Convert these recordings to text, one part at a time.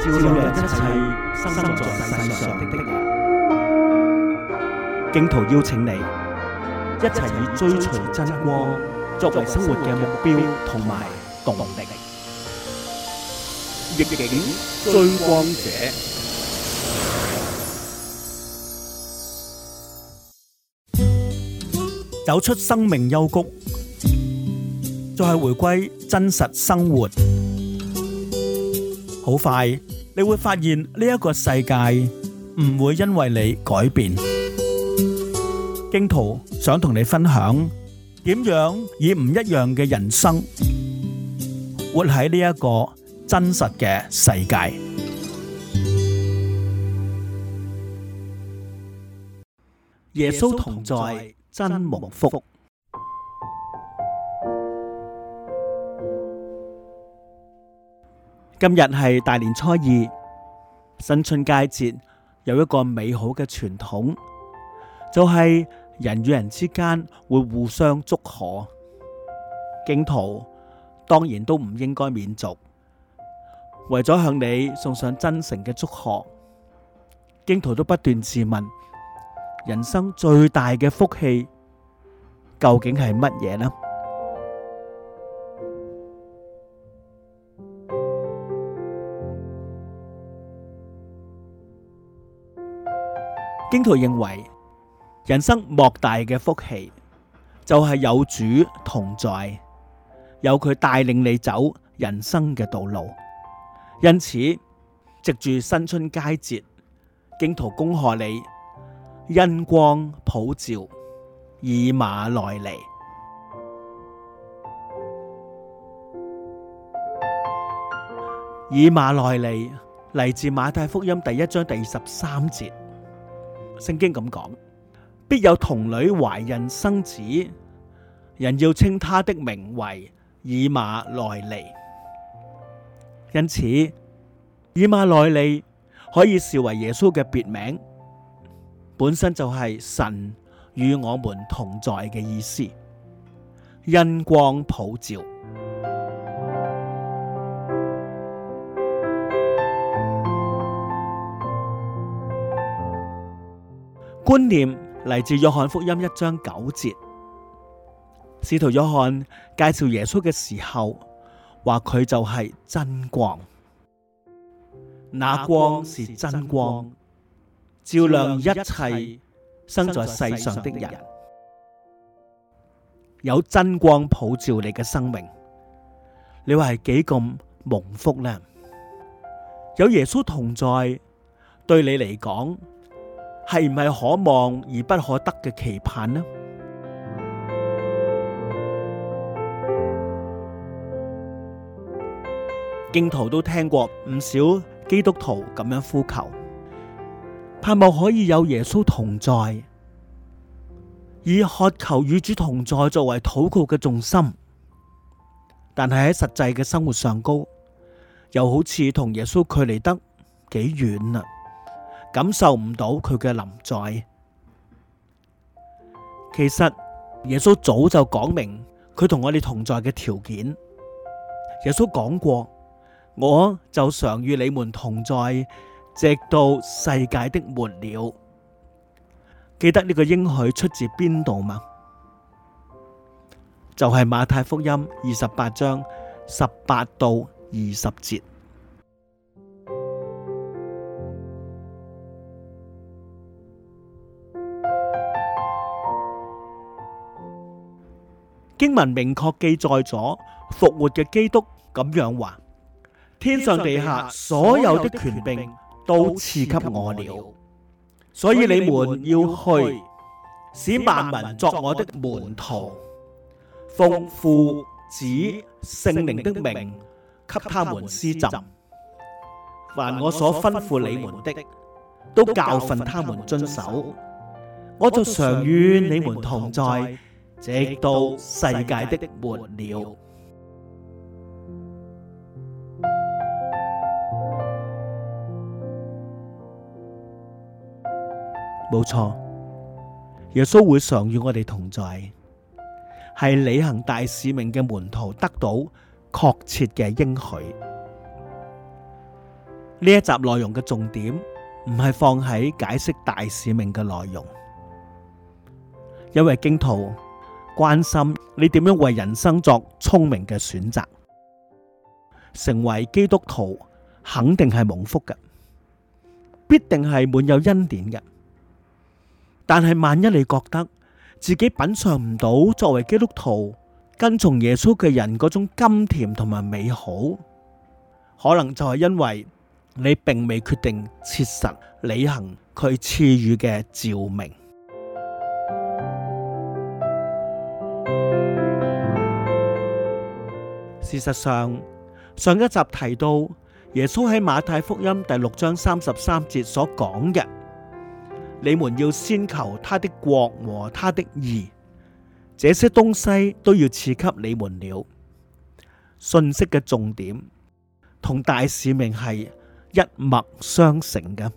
照亮一切生在世上的人，荊徒邀請你一齊以追隨真光作為生活嘅目標同埋動力，逆境追光者，走出生命幽谷，就係回歸真實生活。好快，你會發現呢一個世界唔會因為你改變。荊徒想同你分享，點樣以唔一樣嘅人生活喺呢一個真實嘅世界。耶穌同在，真蒙福。今日係大年初二，新春佳節有一個美好嘅傳統，就係人與人之間會互相祝賀。荊徒當然都唔應該免俗，為咗向你送上真誠嘅祝賀，荊徒都不斷自問：人生最大嘅福氣究竟係乜嘢呢？荊徒認為人生莫大嘅福氣就係有主同在，有佢帶領你走人生嘅道路。因此，藉住新春佳節，荊徒恭賀你，恩光普照，以馬內利。以馬內利嚟自馬太福音第一章第二十三節。聖經咁講，必有童女懷孕生子，人要稱他的名為以馬內利。因此，以馬內利可以視為耶穌嘅別名，本身就係神與我們同在嘅意思，恩光普照。觀念嚟自約翰福音一章九節，使徒約翰介紹耶穌嘅時候，話佢就係真光，那光是真光，照亮一切生在世上的人，有真光普照你嘅生命，你話係幾咁蒙福呢？有耶穌同在，對你嚟講。係唔係可望而不可得嘅期盼呢？荊徒都聽過唔少基督徒咁樣呼求，盼望可以有耶穌同在，以渴求與主同在作為禱告嘅重心。但係喺實際嘅生活上，高又好似同耶穌距離得幾遠啦。感受唔到佢嘅臨在，其實耶穌早就講明佢同我哋同在嘅條件。耶穌講過，我就常與你們同在，直到世界的末了。記得呢個應許出自邊度嗎？就係馬太福音二十八章十八到二十節。經文明確記載咗復活嘅基督咁樣話：天上地下所有的權柄都賜給我了，所以你們要去，使萬民作我的門徒，奉父子聖靈的名給他們施浸，凡我所吩咐你們的，都教訓他們遵守。我就常與你們同在。直到世界的末了，冇錯。耶穌會常與我哋同在，係履行大使命嘅門徒得到確切嘅應許。呢一集內容嘅重點唔係放喺解釋大使命嘅內容，因為荊徒，關心你點樣為人生作聰明嘅選擇，成為基督徒肯定係蒙福嘅，必定係滿有恩典嘅。但係萬一你覺得自己品嘗唔到作為基督徒跟從耶穌嘅人嗰種甘甜同埋美好，可能就係因為你並未決定切實履行佢賜予嘅召命。事實上，上一集提到耶穌喺馬太福音第六章三十三節所講嘅，你們要先求他的國和他的義，這些東西都要加給你們了。信息嘅重點同大使命係一脈相承嘅，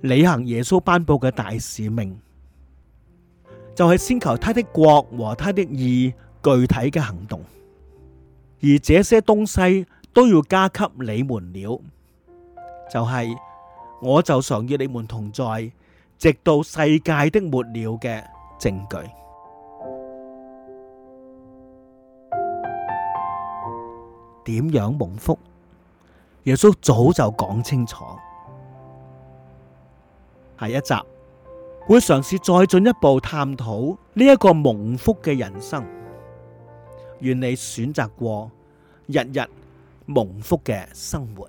履行耶穌頒布嘅大使命，就係先求他的國和他的義，具體嘅行動。而這些東西都要加給你們了，就係我就常與你們同在，直到世界的末了嘅證據。點樣蒙福？耶穌早就講清楚。下一集會嘗試再進一步探討呢一個蒙福嘅人生。願你選擇過日日蒙福嘅生活。